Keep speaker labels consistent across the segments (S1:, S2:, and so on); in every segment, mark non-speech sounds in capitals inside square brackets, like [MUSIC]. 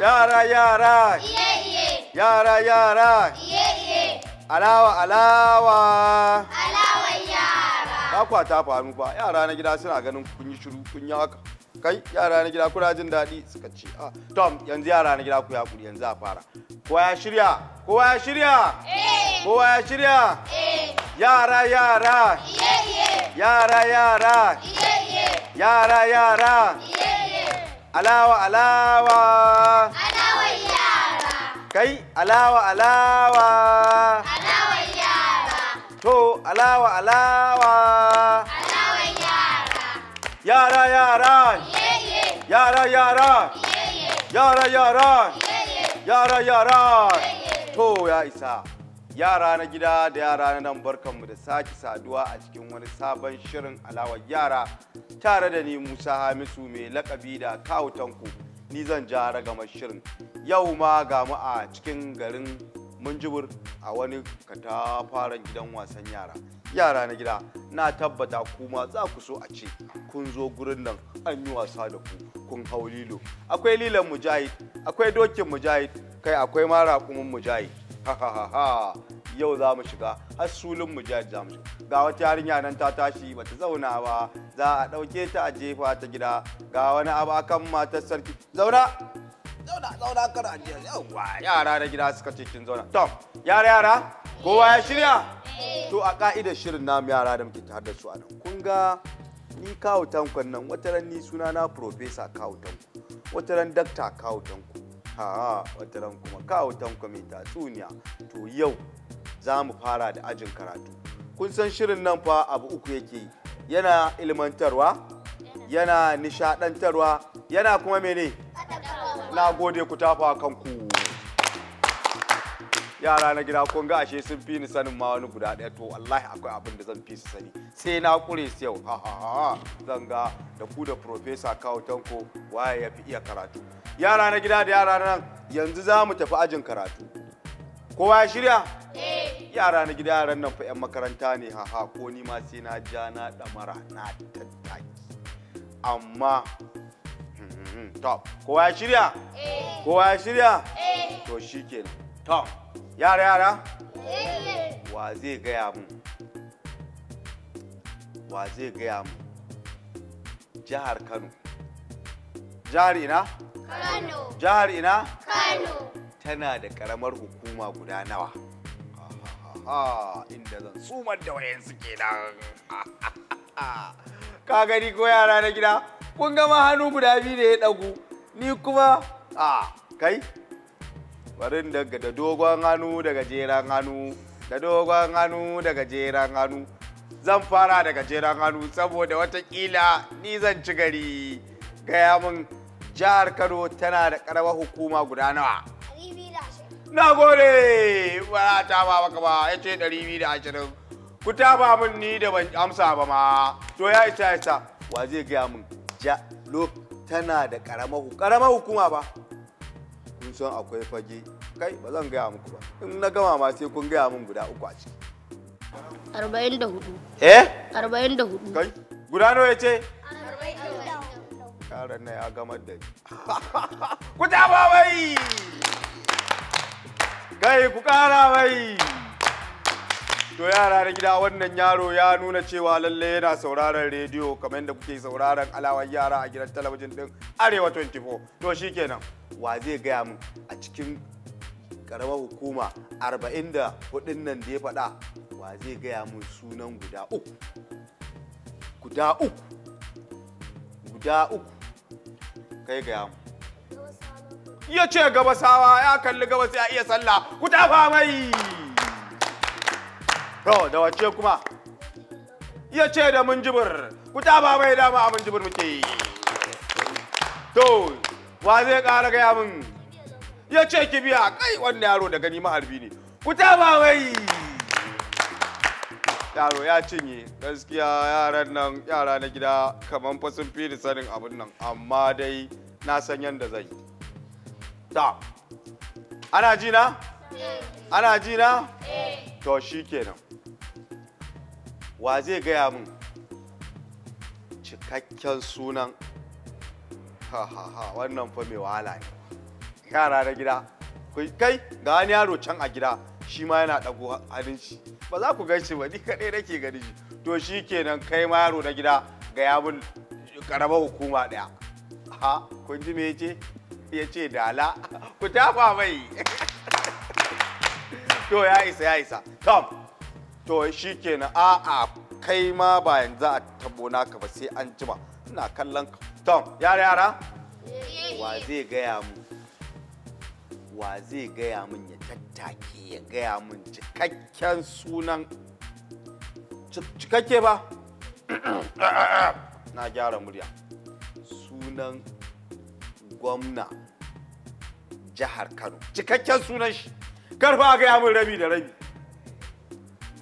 S1: Yara yara. Iye iye. Yara yara. Iye iye. Alawa alawa. Alawa yara. Ba kwa ta faru ba. Yara na gida suna ganin kun yi shiru kun yi haka. Kai yara na gida kuna jin daɗi suka ce Ah, Tom yanzu yara na gida ku ya kuri yanzu a fara. Kowa ya shirya? Kowa ya shirya? Eh. Kowa ya shirya? Eh. Yara yara. Iye iye. Yara yara. Iye iye. Yara yara. Iye iye. alawa alawa Alawa yara kai alawa alawa Alawa yara to alawa alawa Alawa yara yara yara yara yara yara yara yara yara to ya isa yara na gida da yara na nan barkan mu da sake saduwa a cikin wani sabon shirin alawar yara tare da ni musa hamisu mai lakabi da kawutanku ni zan ja ragamar shirin yau ma ga mu a cikin garin munjibir a wani katafaren gidan wasan yara yara na gida na tabbata kuma za ku so a ce kun zo gurin nan an yi wasa da ku kun hau lilo akwai lilan mujahid akwai dokin mujahid kai akwai mara raƙumin mujahid ha ha yau za mu shiga har sulun mu jaji za mu shiga ga wata yarinya nan ta tashi bata zauna ba za a ɗauke ta a jefa ta gida ga wani abu akan matar sarki zauna zauna zauna kar a yawa yara na gida suka ce kin zauna to yara yara kowa ya shirya eh. to a ka'idar shirin namu yara da muke tare da su a nan kun ga ni kawo tankon nan wataran ni sunana professor kawo tanko wataran dakta kawo tanko ha wataran kuma kawutanku mai tatsuniya to yau za mu fara da ajin karatu kun san shirin nan fa abu uku yake yana ilmantarwa yana nishadantarwa yana kuma mene na gode ku tafa kanku yara na gida kun ga ashe sun fi ni sanin ma wani guda ɗaya to wallahi akwai abin da zan fi su sani sai na kure su yau ha ha ha zan ga da ku da professor kawo tanko waye ya fi iya karatu yara na gida da yara nan yanzu za mu tafi ajin karatu kowa ya shirya eh. yara na gida yaran nan fa 'yan makaranta ne ha ha ko ni ma sai na ja na ɗamara na tattaki amma hmm, hmm, hmm, top kowa ya shirya eh. kowa ya shirya eh. to shikenan top Yara yara? Eh. Wa zai gaya mu? Wa zai gaya mu? Jihar Kano. Jihar ina? Kano. Jihar ina? Kano. Tana da karamar hukuma guda nawa. ha, inda zan sumar da wayan su nan. [LAUGHS] Ka gani ko yara na gida? Kun gama hannu guda biyu da ya ɗagu. Ni kuma? A, kai? barin da dogon hannu da gajeren hannu da dogon hannu da gajeren hannu zan fara daga gajeren hannu saboda watakila ni zan ci gari gaya min jihar kano tana da karawa hukuma guda nawa na gode ba ta ba maka ba ya ce 220 ku ta ba min ni da ban amsa ba ma to ya isa ita wa zai gaya min ja tana da karamar hukuma ba can akwai fage kai ba zan gaya muku ba in na gama ma sai kun gaya min guda uku a ciki. arba'in da hudu. eh arba'in da hudu. kai guda nawa ya ce yaran na ya gama da ni [LAUGHS] ku taba wai kai ku kara wai to yara na gida wannan yaro ya nuna cewa lalle yana sauraron rediyo kamar yadda kuke sauraron alawar yara a gidan talabijin din arewa 24 to shikenan wa zai gaya mu a cikin karamar hukuma arba'in da hudun nan da ya faɗa wa zai gaya mu sunan guda uku guda uku guda uku kai gaya mu ya ce gabasawa ya kalli gabas ya iya sallah ku tafa mai to da wace kuma ya ce da mun jibir ku tafa mai dama a jibir muke to wa zai kara gaya min ya ce ki biya kai wannan yaro da gani maharbi ne ku ba wai yaro ya cinye gaskiya yaran nan yara na gida kaman fa sun fi sanin abin nan amma dai na san yadda zan yi ta ana ji na ana ji na to shikenan wa zai gaya min cikakken sunan ha wannan fa mai wahala ne yara na gida kai ga wani yaro can a gida shi ma yana ɗago abinci ba za ku shi ba ni kaɗai nake gani shi to shi kenan kai ma yaro na gida ga yamin karamar hukuma ɗaya ha kun ji me yace ya ce dala ku tafa mai [LAUGHS] to ya isa ya isa tom to shi kenan a'a kai ma ba yanzu a tabo naka ba sai an jima ina kallon ka tom yara yara wa zai gaya mu wa zai gaya min ya tattake ya gaya min cikakken sunan cikakke ba [CLEARS THROAT] na gyara murya sunan gwamna jihar kano cikakken sunan shi karfa gaya min rabi da rabi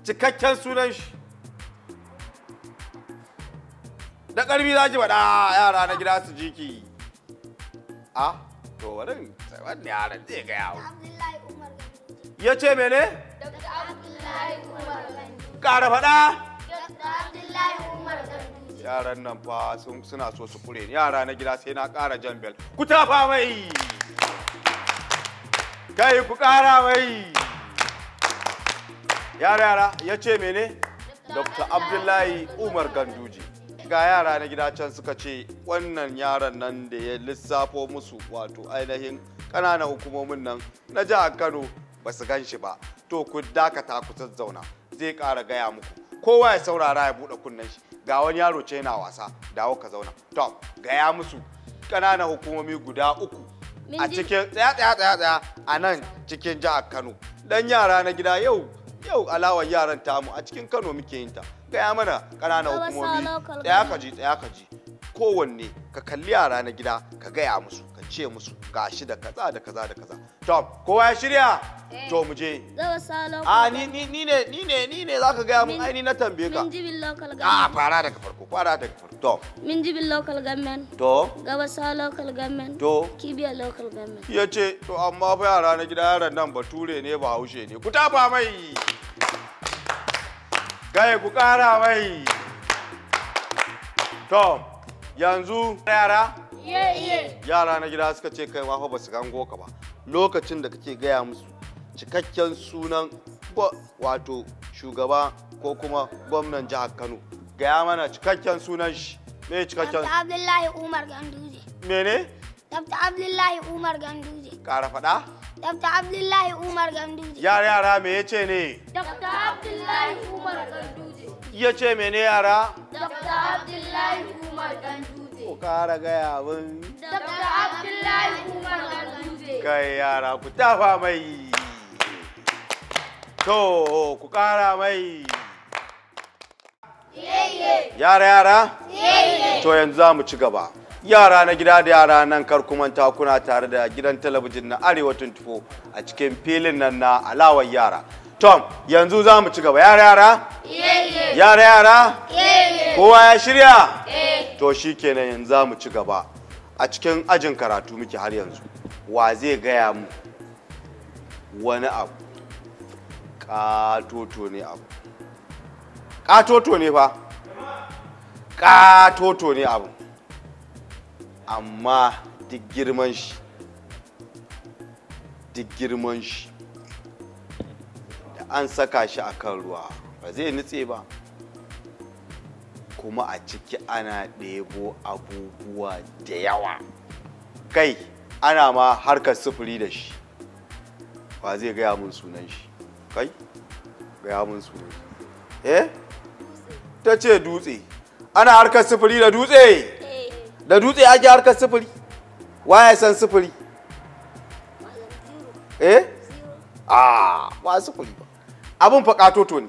S1: cikakken sunan shi da ƙarfi za ki faɗa yara na gida su jiki. a to wani wani yaran zai ga yawo ya ce mene ƙara faɗa yaran nan fa suna so su kure ni yara na gida sai na ƙara jan bel ku tafa mai kai ku ƙara mai yara yara ya ce mene dr abdullahi umar ganduji ga yara na gida can suka ce wannan yaran nan da ya lissafo musu wato ainihin ƙananan hukumomin nan na jihar kano ba su gan shi ba to ku dakata ku zauna zai ƙara gaya muku kowa ya saurara ya buɗe kunnen shi ga wani yaro ce yana wasa dawo ka zauna to gaya musu ƙananan hukumomi guda uku a cikin tsaya tsaya tsaya tsaya a nan cikin jihar kano dan yara na gida yau yau alawar yaran tamu a cikin kano muke yin ta gaya mana ƙananan hukumomi ɗaya ka ji ɗaya ka ji kowanne ka kalli yara na gida ka gaya musu ka ce musu gashi da kaza da kaza da kaza to kowa ya shirya eh. to mu je a ah, ni ni ni ne ni ne ni ne zaka gaya mun aini na tambaye ka local ah, government a fara daga farko fara daga farko to min jibin local government to gabasa local government to kibiya local government yace to amma fa yara na gida yaran nan bature ne ba haushe ne ku tafa mai Kai ku ƙara mai. To, yanzu yara? Yara na gida suka ce kai ma fa ba su gango ka ba. Lokacin da kake gaya musu cikakken sunan wato shugaba ko kuma gwamnan jihar Kano. Gaya mana cikakken sunan shi. Me cikakken? Abdullahi Umar Ganduje. Mene? Dr. Abdullahi Umar Ganduje. Kara faɗa? Dr. Abdullahi Umar Ganduje. Yara yara me ya ce ne? Dr. Abdullahi Umar Ganduje. Ya ce mene yara? Dr. Abdullahi Umar Ganduje. Ku kara gaya min. Dr. Abdullahi Umar Ganduje. Kai yara ku tafa mai. To ku kara mai. Yara yara? To yanzu za mu ci gaba. yara na gida da yara nan karkumanta kuna tare da gidan talabijin na arewa 24 a cikin filin nan na alawar yara tom yanzu za mu ci gaba yara yara yara yara kowa ya shirya eh. to shi kenan yanzu za mu ci gaba a cikin ajin karatu muke har yanzu wa zai gaya mu wani abu katoto ne abu katoto ne fa katoto ne abu amma duk girman shi duk girman shi da an saka shi a kan ruwa ba zai nutse ba kuma a ciki ana ɗebo abubuwa da yawa kai ana ma harkar sufuri da shi ba zai gaya mun sunan shi kai gaya mun sunan shi eh ta ce dutse ana harkar sufuri da dutse da dutse ake harkar sufuri waya san sufuri eh a ah, ba sufuri ba abin fakatoto ne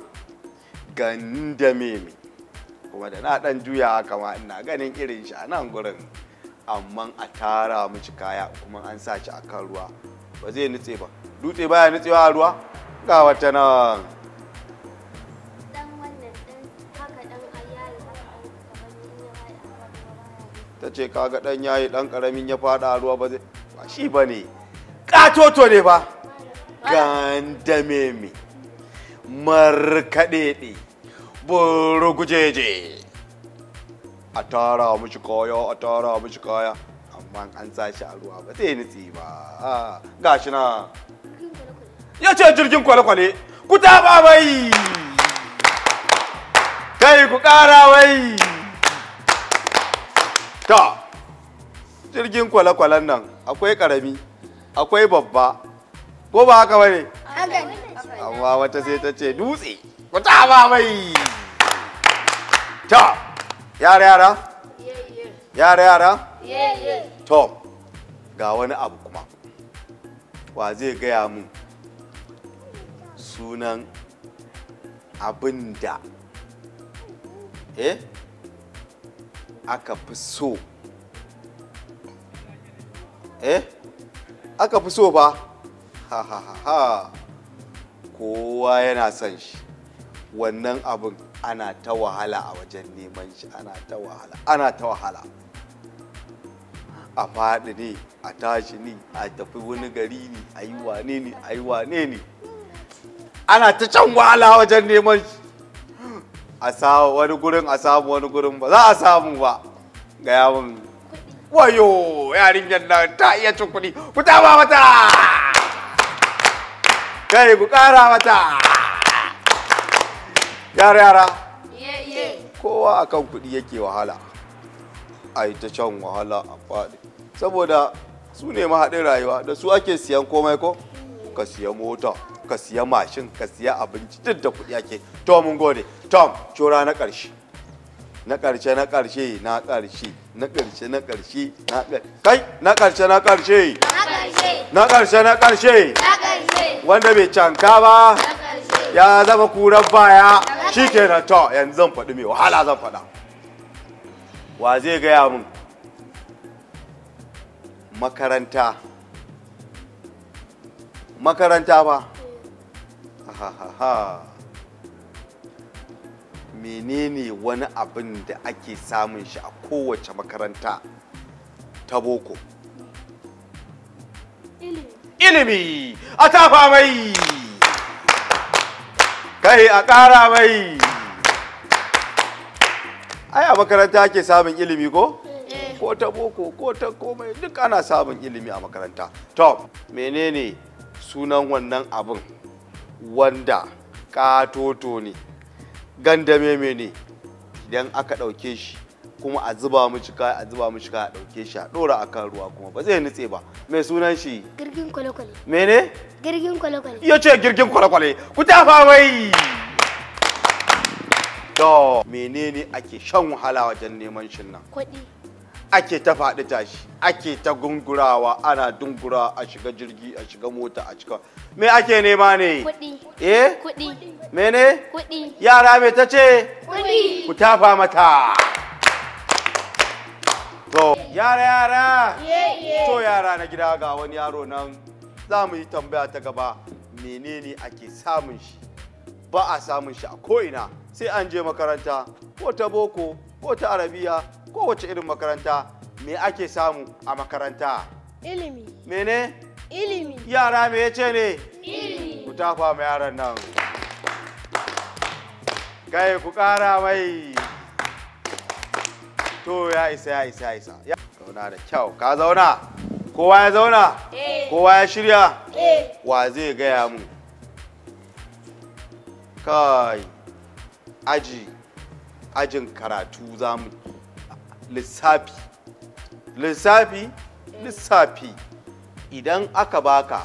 S1: ganda meme kuma da na dan juya haka ma ina ganin irin shi a nan gurin amma a tara miki kaya kuma an sa shi a kan ruwa ba zai nutse ba dutse baya nutsewa a ruwa ga wata nan ta ce kaga dan yayi dan karamin ya fada a ruwa ba zai ba shi ba ne katoto ne ba gandame mi markaɗeɗe burugujeje a tara mishi kaya a tara mishi kaya amma an tsashi a ruwa ba zai nutsi ba ah, gashi na ya ce jirgin kwale-kwale ku taɓa bai kai ku ƙara wai ta jirgin kwale-kwalen nan akwai karami akwai babba ko ba haka bane amma wata sai ta ce dutse ku ba mai ta yara yara yara yara tom ga wani abu kuma wa zai gaya mun sunan abin da eh aka fi so eh aka fi so ba ha ha ha ha kowa yana son shi wannan abin ana ta wahala a wajen neman shi ana ta wahala ana ta wahala a faɗi ne a tashi ne a tafi wani gari ne a yi wane ne a yi wane ne ana ta can wahala wajen neman shi a samu wani gurin a samu wani gurin ba za a samu ba ga yawon wayo yarinyar nan ta iya cin kuɗi ku taba mata kai ku ƙara mata yara yara kowa a kan kuɗi yake wahala a yi ta shan wahala a faɗi saboda su ne mahaɗin rayuwa da su ake siyan komai ko ka siya mota ka siya mashin ka siya abinci duk da kuɗi ake to mun gode tom shora na ƙarshe na ƙarshe na ƙarshe na ƙarshe na ƙarshe na ƙarshe na kai na ƙarshe na ƙarshe na ƙarshe na ƙarshe wanda bai canka ba ya zama kurar baya shi kenan to yanzu zan faɗi mai wahala zan faɗa wa zai gaya min makaranta makaranta ba ha ha ha menene wani abin da ake samun shi a kowace makaranta ta boko ilimi a tafa mai kai a ƙara mai ai a makaranta ake samun ilimi ko eh. ko ta boko ko ta komai duk ana samun ilimi a makaranta to menene sunan wannan abin wanda katoto ne gandame ne idan aka ɗauke shi kuma a zuba mishi kaya a zuba mishi kaya a ɗauke shi a ɗora a kan ruwa kuma ba zai nutse ba mai sunan shi girgin kwale-kwale mene girgin kwale-kwale iya ce girgin kwale-kwale ku tafa mai to menene ake shan wahala wajen neman shin nan kuɗi ake ta faɗi tashi ake ta gungurawa ana dungura a shiga jirgi a shiga mota a cika me ake nema ne kuɗi eh kuɗi mene kuɗi yara me ta ce kuɗi ku tafa mata to yara yara to yara na gida ga wani yaro nan za mu yi tambaya ta gaba menene ake samun shi ba a samun shi a ko'ina sai an je makaranta ko ta boko ko ta arabiya kowace irin makaranta me ake samu a makaranta ilimi mene ilimi yara me ya ce ne ilimi ku tafa ma yaran nan gaye ku kara mai to ya isa ya isa ya isa zauna da kyau ka zauna kowa ya zauna eh. kowa ya shirya eh. wa zai gaya mu kai aji ajin karatu za mu lissafi lissafi lissafi idan aka baka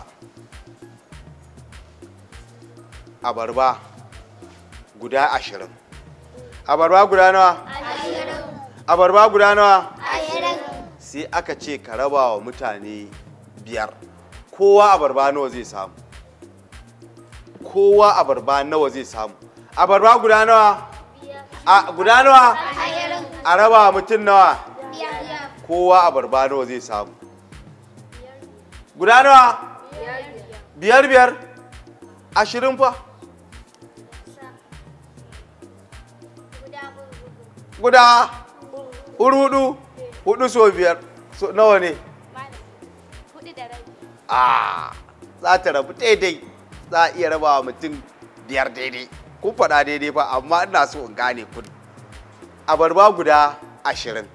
S1: abarba guda ashirin abarba guda nawa ashirin abarba guda nawa ashirin sai aka ce ka raba wa mutane biyar kowa abarba nawa zai samu kowa abarba nawa zai samu abarba guda nawa a guda nawa a raba mutum nawa kowa a barbado zai samu guda nawa biyar biyar ashirin fa guda hudu huɗu so biyar so nawa ne a ah, za ta rabu daidai za a iya raba mutum biyar daidai kun faɗa daidai ba amma ina so in gane kun abarba guda ashirin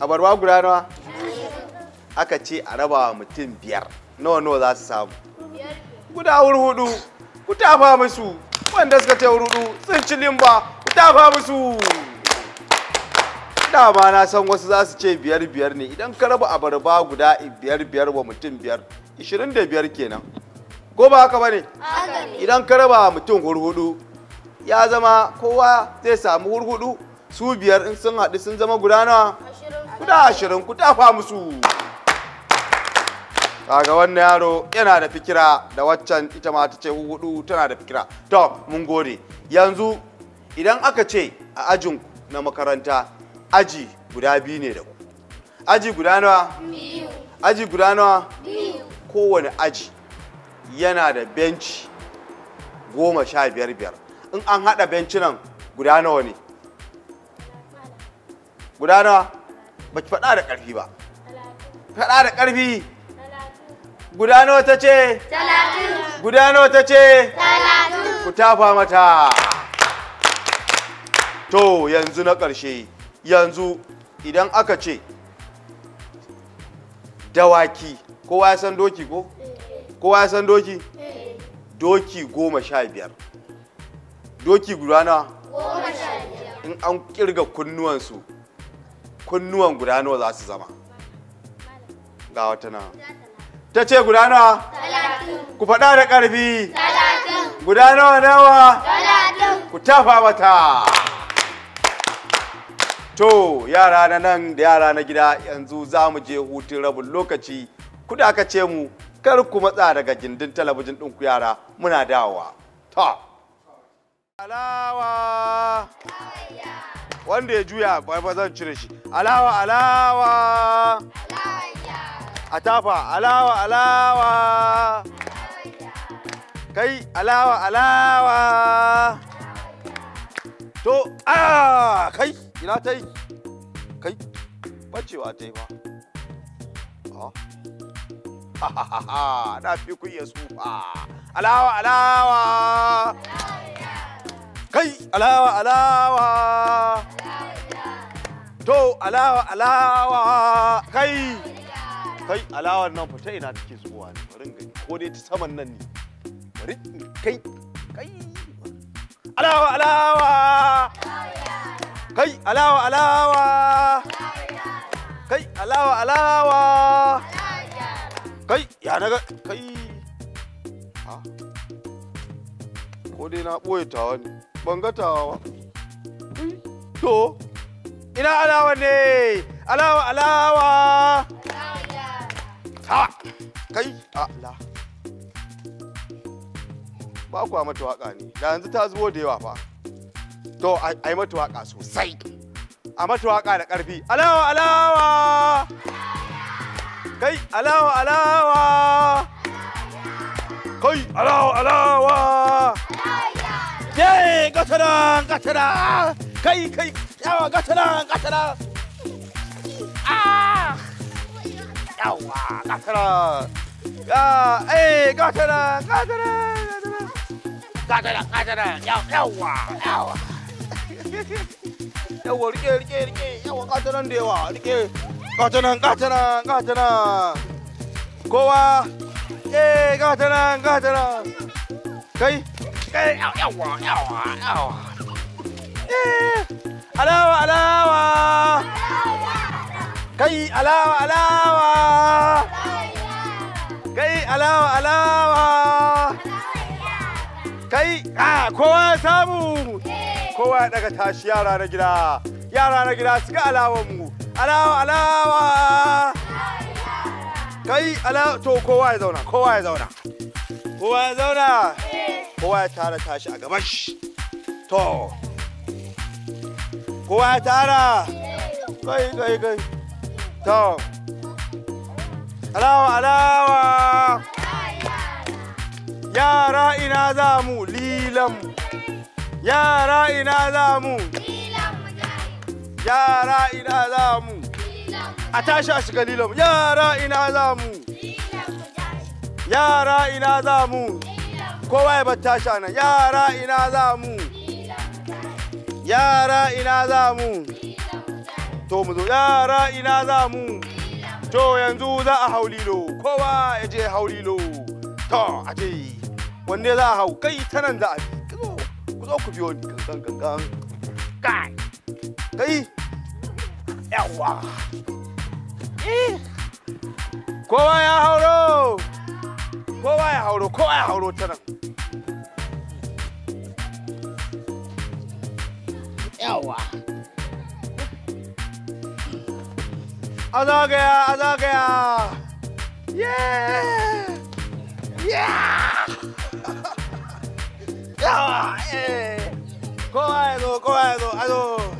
S1: abarba guda nawa aka ce a raba mutum biyar nawa nawa za su samu guda hudu ku tafa musu wanda suka ce hudu sun ci limba ku tafa musu dama na san wasu za su ce biyar biyar ne idan ka raba abarba guda biyar biyar wa mutum biyar da biyar kenan ko ba haka bane idan ka raba mutum hurhudu ya zama kowa zai samu hurhudu su biyar in sun haɗu sun zama guda nawa guda ashirin ku tafa musu kaga wannan yaro yana da fikira da waccan ita ma ta ce hudu tana da fikira to mun gode yanzu idan aka ce a ajin na makaranta aji guda biyu ne da ku aji guda nawa aji guda nawa kowane aji yana da benci goma sha biyar biyar in an haɗa bencinan guda nawa ne guda nawa ba ki faɗa da ƙarfi ba faɗa da ƙarfi guda nawa ta ce guda nawa ta ce ku tafa mata to yanzu na ƙarshe yanzu idan aka ce dawaki kowa ya san doki ko eh. kowa ya san doki doki goma sha biyar doki guda nawa goma sha biyar in an kirga kunnuwansu kunnuwan guda nawa za su zama ga wata nawa ta ce guda nawa ku faɗa da ƙarfi guda nawa nawa ku tafa mata to yara na nan da yara na gida yanzu za mu je hutun rabin lokaci kuda aka ce mu kar ku matsa daga gindin talabijin ɗin ku yara muna dawowa ta alawa wanda ya juya ba zan cire shi alawa alawa a tafa alawa alawa kai alawa alawa to ah, kai ina ta yi kai bacewa ta yi ba [LAUGHS] na fi kunya tsufa. alawa alawa kai alawa alawa to alawa alawa kai kai alawa nan fita ina take zuwa ne bari gani ko dai ta saman nan ne bari kai kai alawa alawa kai alawa alawa kai alawa alawa kai ya naga kai ha ah. ko dai na ɓoye tawa ne ban ga tawa ba to ina alawa ne alawa alawa ha kai ala ba kuwa mata waka ne da yanzu ta zuwa da yawa fa to ai mata waka sosai a mata waka da ƙarfi alawa alawa kai alawa alawa kai alawa alawa ye gatara gatara kai kai yawa gatara gatara ah yawa gatara ga eh gatara gatara gatara gatara yawa yawa [LAUGHS] yawa rike rike rike yawa gatara! da rike Gata nan, gata nan, gata nan. Kowa, eh gata nan, gata nan. Kai, kai, yawa, yawa, yawa. Eh, alawa, alawa. Kai, alawa, alawa. Kai, alawa, alawa. Kai, ah, kowa samu. Kowa daga tashi yara na gida. Yara na gida suka alawa mu. alawa alawa kai alawa to kowa ya zauna kowa ya zauna kowa ya zauna kowa ya tara tashi a gaban shi to kowa ya tara kai kai kai to alawa alawa yara ina za mu lilan yara ina za mu yara ina za mu a tashi a shiga lilamu yara ina za mu yara ina za mu kowa ya bar tashi nan yara ina za mu yara ina za mu to mu zo yara ina za mu to yanzu za a hau lilo kowa ya je hau lilo to a je wanne za a hau kai ta nan za a bi ku zo ku biyo ni gangan gangan kai 一，哎哇！一，过来呀，好喽，过来呀，哈喽，过来呀，哈喽，出来！哎哇！阿哥呀，阿哥呀！耶！耶！哎哇！哎，过来都，过来都，阿都。[LAUGHS]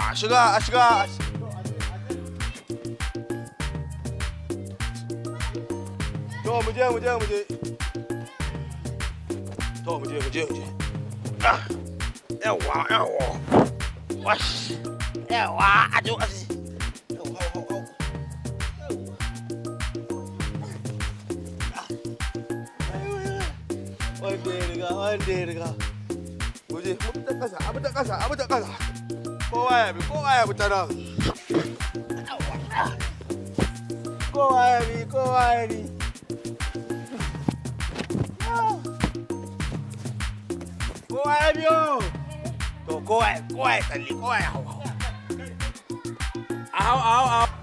S1: 아시가 아시가 더 문제야 제야제더 문제 문제 문제 아 야와 야와 와씨 야와 아주 아주 언제 이리가 언제 이리가 뭐지 아무데까지 아무데까지 아무데까지 Go ahead, go ahead with that other. Go ahead, go ahead. Go ahead, yo. So go ahead, go ahead, go ahead. Ow, ow, ow.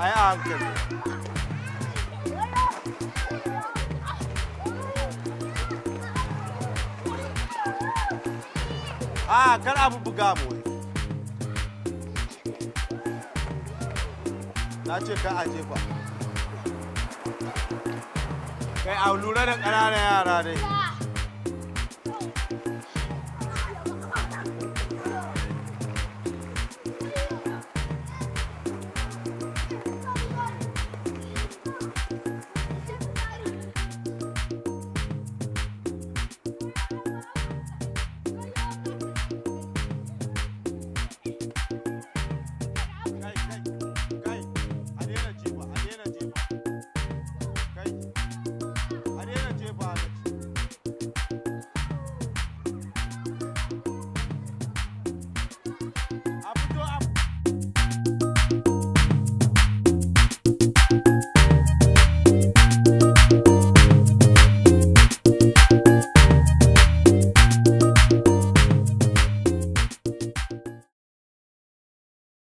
S1: Ah, a yi hankali a kar abu buga mu na ce ka aje jefa kai a lura da ƙananan yara dai